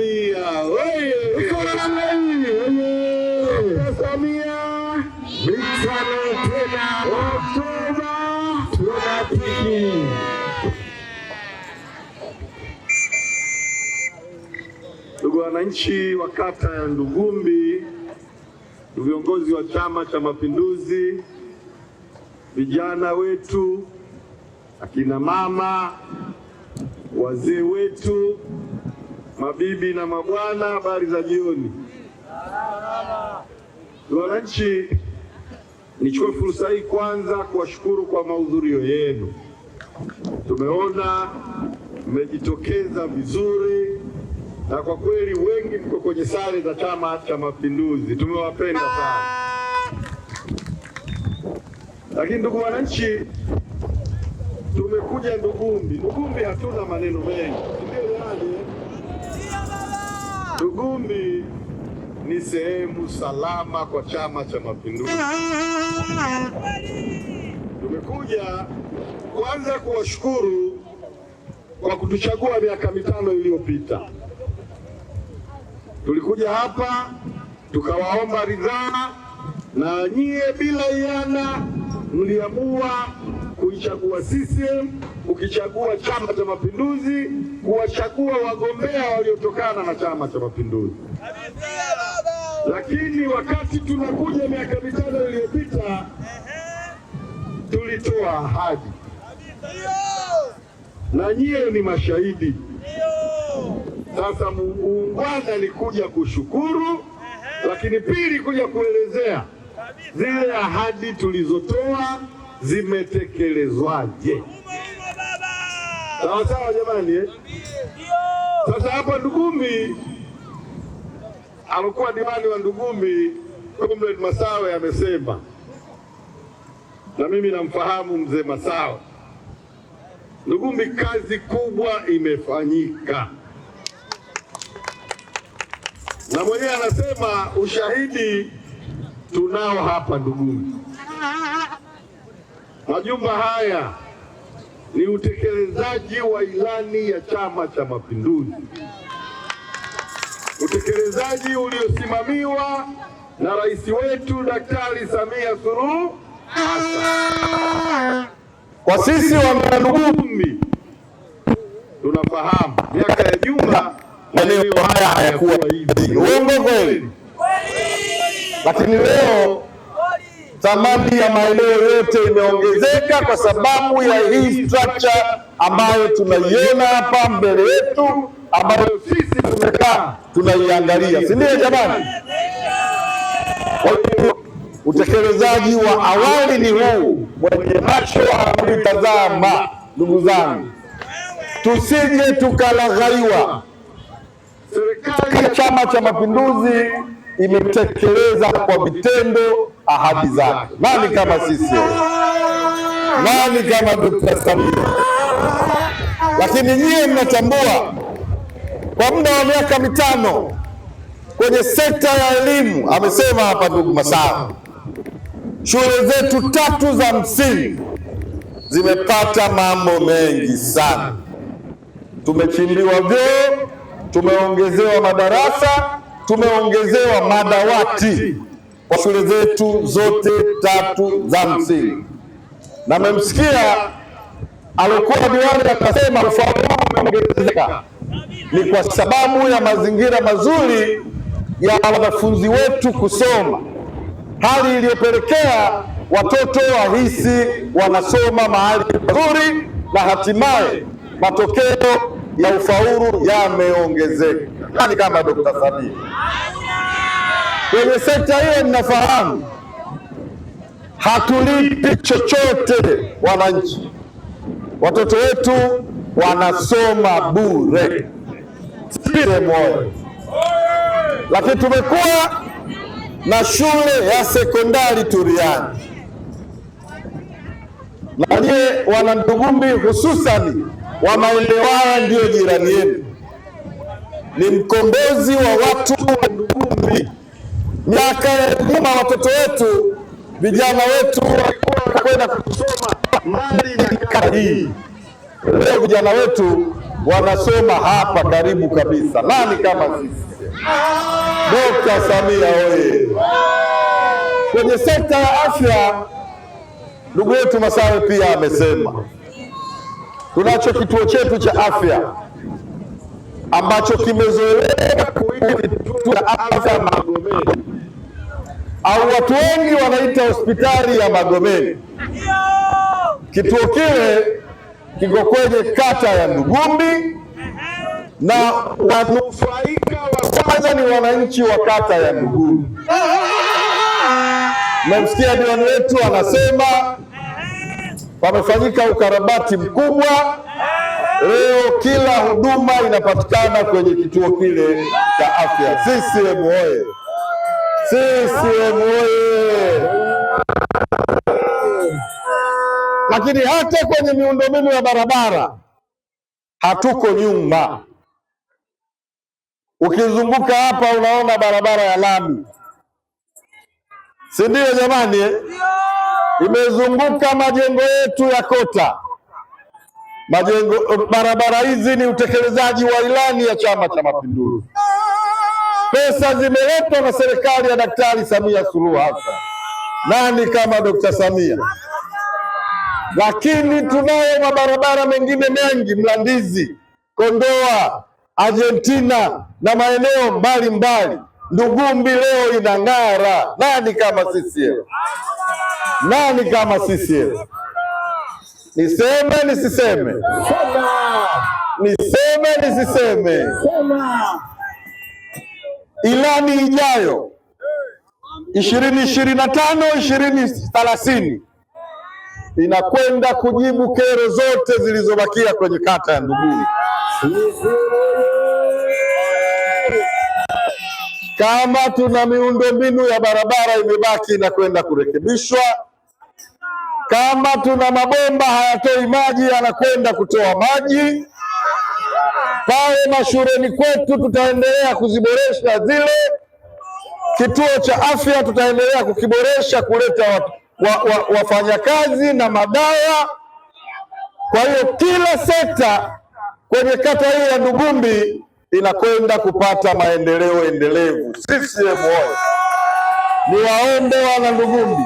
Samia uko namna hii. Dkt. Samia mitano tena, Oktoba tunapiki ndugu wananchi wa kata ya Ndugumbi, viongozi wa Chama cha Mapinduzi, vijana wetu, akina mama, wazee wetu mabibi na mabwana, habari za jioni wananchi. Nichukue fursa hii kwanza kuwashukuru kwa mahudhurio yenu. Tumeona mmejitokeza vizuri, na kwa kweli wengi mko kwenye sare za Chama cha Mapinduzi. Tumewapenda sana. Lakini ndugu wananchi, tumekuja Ndugumbi. Ndugumbi hatuna maneno mengi Tugumbi ni sehemu salama kwa Chama cha Mapinduzi. Tumekuja kwanza kuwashukuru kwa kutuchagua miaka mitano iliyopita. Tulikuja hapa tukawaomba ridhaa, na nyie bila iana mliamua kuichagua CCM ukichagua Chama cha Mapinduzi kuwachagua wagombea waliotokana na Chama cha Mapinduzi. Lakini wakati tunakuja miaka mitano iliyopita, tulitoa ahadi na nyiye ni mashahidi. Sasa muungwana ni kuja kushukuru, lakini pili kuja kuelezea zile ahadi tulizotoa zimetekelezwaje sawa jamani, eh? Sasa hapa Ndugumi alikuwa diwani wa Ndugumi Comrade Masawe amesema, na mimi namfahamu mzee Masawe. Ndugumi kazi kubwa imefanyika, na mwenyewe anasema ushahidi tunao hapa Ndugumi, majumba haya ni utekelezaji wa ilani ya Chama cha Mapinduzi, utekelezaji uliosimamiwa na rais wetu Daktari Samia Suluhu Hassan. Kwa sisi wa Mwanadugumbi tunafahamu miaka ya nyuma maneno haya hayakuwa hivi, uongo kweli? Lakini leo thamani ya maeneo yote imeongezeka kwa sababu ya hii structure ambayo tunaiona hapa mbele yetu, ambayo sisi tumekaa tunaiangalia, si ndio jamani? Kwa hiyo utekelezaji wa awali ni huu, mwenye macho akulitazama. Ndugu zangu, tusije tukalaghaiwa. Serikali ya Chama cha Mapinduzi imetekeleza kwa vitendo ahadi zake. Nani kama sisi? Nani kama Dkt. Samia? Lakini nyie mnatambua kwa muda wa miaka mitano kwenye sekta ya elimu, amesema hapa ndugu Masaa, shule zetu tatu za msingi zimepata mambo mengi sana. Tumechimbiwa vyoo, tumeongezewa madarasa tumeongezewa madawati kwa shule zetu zote tatu za msingi, na mmemsikia alikuwa diwani akasema ufaulu wao umeongezeka, ni kwa sababu ya mazingira mazuri ya wanafunzi wetu kusoma, hali iliyopelekea watoto wahisi wanasoma mahali pazuri na hatimaye matokeo ya ufaulu yameongezeka nani kama Dokta Samia kwenye sekta hiyo? Mnafahamu hatulipi chochote wananchi, watoto wetu wanasoma bure, sipire Lakini tumekuwa na shule ya sekondari Turiani na nyie wanandugumbi, hususani wa Maelewara, ndiyo jirani yenu ni mkombozi wa watu wa Burundi. Miaka ya nyuma watoto wetu vijana wetu walikuwa wanakwenda kusoma ya hii. Leo vijana wetu wanasoma hapa karibu kabisa. Nani kama sisi? Dokta Samia oye! Kwenye sekta ya afya, ndugu yetu Masawe pia amesema tunacho kituo chetu cha afya ambacho kimezoeleka kuita kituo cha afya Magomeni au watu wengi wanaita hospitali ya Magomeni. Kituo kile kiko kwenye kata ya Ndugumbi na wanufaika wa kwanza ni wananchi wa kata ya Ndugumbi. Mmemsikia diwani wetu anasema pamefanyika ukarabati mkubwa Leo kila huduma inapatikana kwenye kituo kile cha afya. CCM oye! CCM oye! Lakini hata kwenye miundombinu ya barabara hatuko nyuma. Ukizunguka hapa unaona barabara ya lami, si ndio? Jamani, eh? imezunguka majengo yetu ya kota Majengo, barabara hizi ni utekelezaji wa ilani ya Chama cha Mapinduzi. Pesa zimeletwa na serikali ya Daktari Samia Suluhu Hassan, nani kama Dokta Samia? Lakini tunayo mabarabara mengine mengi, Mlandizi, Kondoa, Argentina na maeneo mbalimbali. Ndugumbi leo inang'ara, nani kama CCM? Nani kama CCM? Niseme nisiseme? Niseme nisiseme? Ilani ijayo ishirini ishirini na tano ishirini thelathini inakwenda kujibu kero zote zilizobakia kwenye kata ya Nduguni. Kama tuna miundombinu ya barabara imebaki, inakwenda kurekebishwa kama tuna mabomba hayatoi maji, yanakwenda kutoa maji pale mashuleni kwetu. Tutaendelea kuziboresha zile. Kituo cha afya tutaendelea kukiboresha, kuleta wa, wa, wa, wafanyakazi na madawa. Kwa hiyo kila sekta kwenye kata hii ya Ndugumbi inakwenda kupata maendeleo endelevu. Sisi e, ni waombe wana Ndugumbi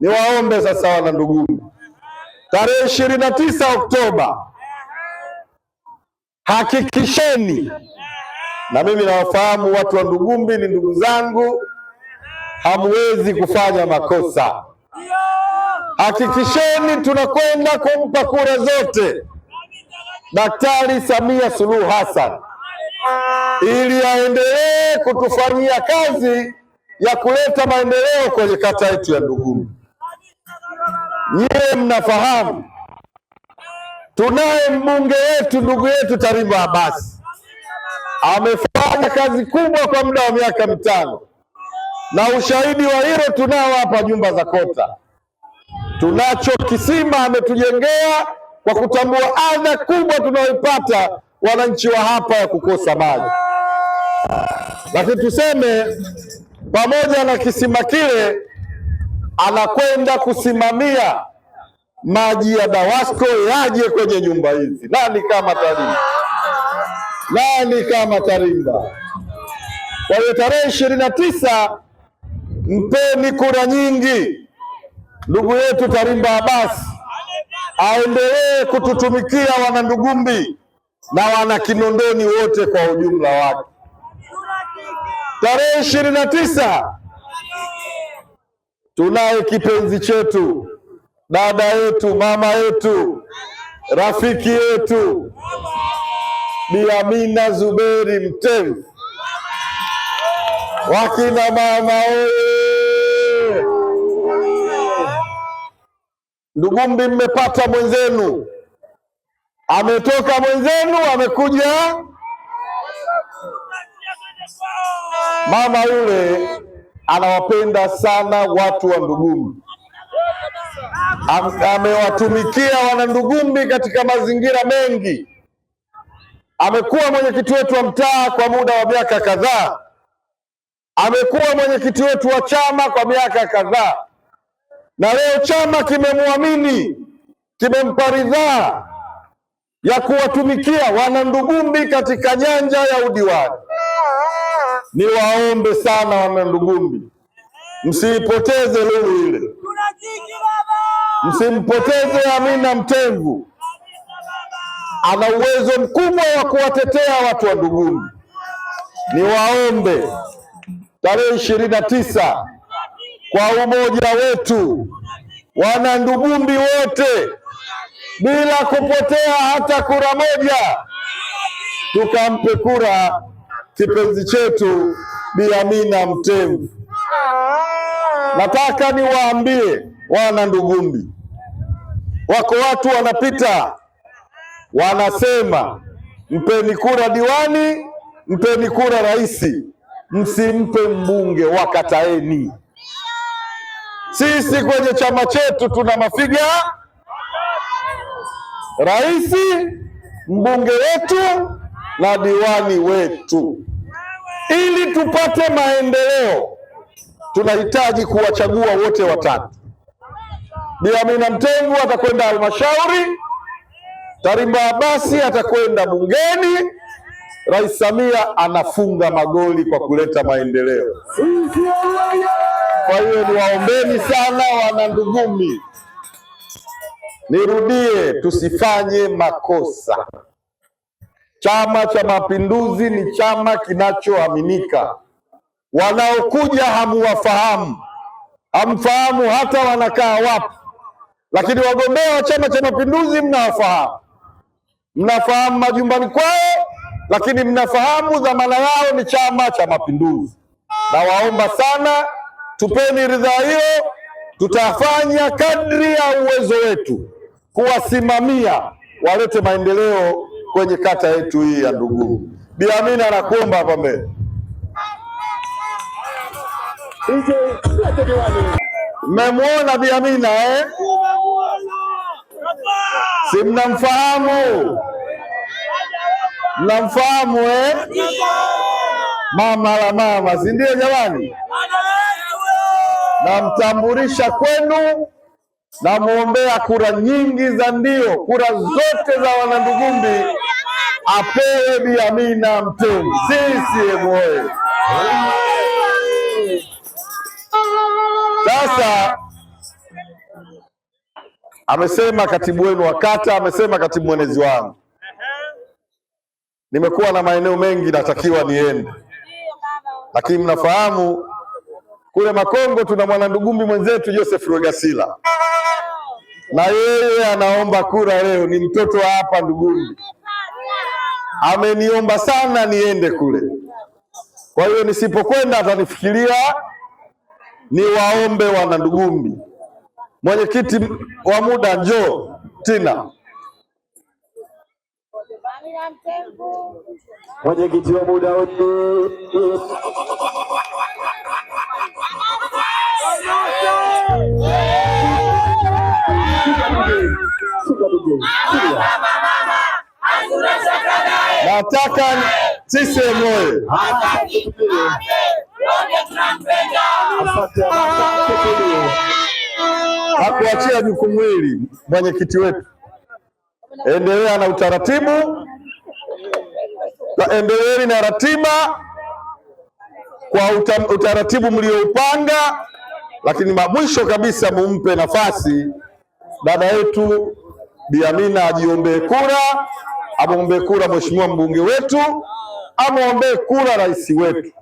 Niwaombe sasa wana Ndugumbi, tarehe ishirini na tisa Oktoba hakikisheni, na mimi nawafahamu watu wa Ndugumbi ni ndugu zangu, hamwezi kufanya makosa. Hakikisheni tunakwenda kumpa kura zote Daktari Samia Suluhu Hassan ili aendelee kutufanyia kazi ya kuleta maendeleo kwenye kata yetu ya Ndugumbi. Nyiye mnafahamu tunaye mbunge wetu ndugu yetu Tariba Abasi, amefanya kazi kubwa kwa muda wa miaka mitano, na ushahidi wa hilo tunao hapa. Nyumba za kota tunacho, kisima ametujengea kwa kutambua adha kubwa tunayoipata wananchi wa hapa ya kukosa maji. Lakini tuseme pamoja na kisima kile anakwenda kusimamia maji ya Dawasco yaje kwenye nyumba hizi. Nani kama Tarimba? Nani kama Tarimba? Kwa hiyo tarehe ishirini na tisa mpeni kura nyingi ndugu yetu Tarimba Abbas aendelee kututumikia wanandugumbi na wanakinondoni wote kwa ujumla wake. Tarehe ishirini na tisa Tunaye kipenzi chetu, dada yetu, mama yetu, rafiki yetu Bi Amina Zuberi Mtemi. Wakina mama oye! Ndugumbi, mmepata mwenzenu, ametoka mwenzenu, amekuja mama yule anawapenda sana watu wa Ndugumbi, amewatumikia wanandugumbi katika mazingira mengi. Amekuwa mwenyekiti wetu wa mtaa kwa muda wa miaka kadhaa, amekuwa mwenyekiti wetu wa chama kwa miaka kadhaa, na leo chama kimemwamini, kimempa ridhaa ya kuwatumikia wanandugumbi katika nyanja ya udiwani. Niwaombe sana wana Ndugumbi, msiipoteze lulu ile, msimpoteze Amina Mtengu. Ana uwezo mkubwa wa kuwatetea watu wa ni Niwaombe tarehe ishirini na tisa kwa umoja wetu, wana Ndugumbi wote bila kupotea hata kura moja, tukampe kura kipenzi chetu Bi Amina Mtemvu. Nataka niwaambie wana Ndugumbi, wako watu wanapita wanasema mpeni kura diwani, mpeni kura rais, msimpe mbunge wakataeni Sisi kwenye chama chetu tuna mafiga rais, mbunge wetu na diwani wetu. Ili tupate maendeleo, tunahitaji kuwachagua wote watatu. Bi Amina Mtengu atakwenda halmashauri, Tarimba Abasi atakwenda bungeni. Rais Samia anafunga magoli kwa kuleta maendeleo. Kwa hiyo niwaombeni sana wanandugumi, nirudie, tusifanye makosa. Chama cha Mapinduzi ni chama kinachoaminika. Wanaokuja hamuwafahamu, hamfahamu hata wanakaa wapi, lakini wagombea wa Chama cha Mapinduzi mnawafahamu, mnafahamu majumbani kwao, lakini mnafahamu dhamana yao ni Chama cha Mapinduzi. Nawaomba sana, tupeni ridhaa hiyo. Tutafanya kadri ya uwezo wetu kuwasimamia walete maendeleo kwenye kata yetu hii ya Nduguru. Bi Amina anakuomba hapa mbele. Mmemwona Bi Amina eh? Si mnamfahamu? Mnamfahamu eh? Mama la mama, si ndio jamani? Namtambulisha kwenu, namwombea kura nyingi za ndio, kura zote za wanandugumbi apewe Biamina Mtemi. Sisi oye! Sasa amesema katibu wenu wa kata, amesema katibu mwenezi wangu, nimekuwa na maeneo mengi natakiwa niende, lakini mnafahamu kule Makongo tuna mwanandugumbi mwenzetu Joseph Rwegasila, na yeye anaomba kura leo, ni mtoto wa hapa Ndugumbi ameniomba sana niende kule. Kwa hiyo nisipokwenda atanifikiria niwaombe wana Ndugumbi. Mwenyekiti wa muda njoo Tina. Mwenyekiti wa muda Nataka sisi moyo hakuachia jukumu hili mwenyekiti wetu, endelea na utaratibu, endeleeni na ratiba kwa uta, utaratibu mlioupanga, lakini mwisho kabisa mumpe nafasi dada yetu Bi Amina ajiombee kura amwombee kura mheshimiwa mbunge wetu, amwombee kura rais wetu.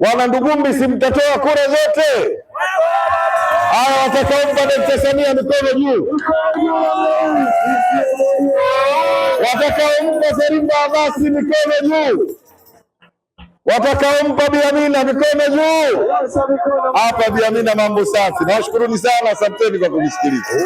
Wana Ndugumbi, simtatoa kura zote. Haya, watakaompa Dakta Samia mikono juu, watakaompa Serimba Abasi mikono juu, watakaompa Biamina mikono juu. Hapa Biamina, mambo safi. Nawashukuruni sana, asanteni kwa kunisikiliza.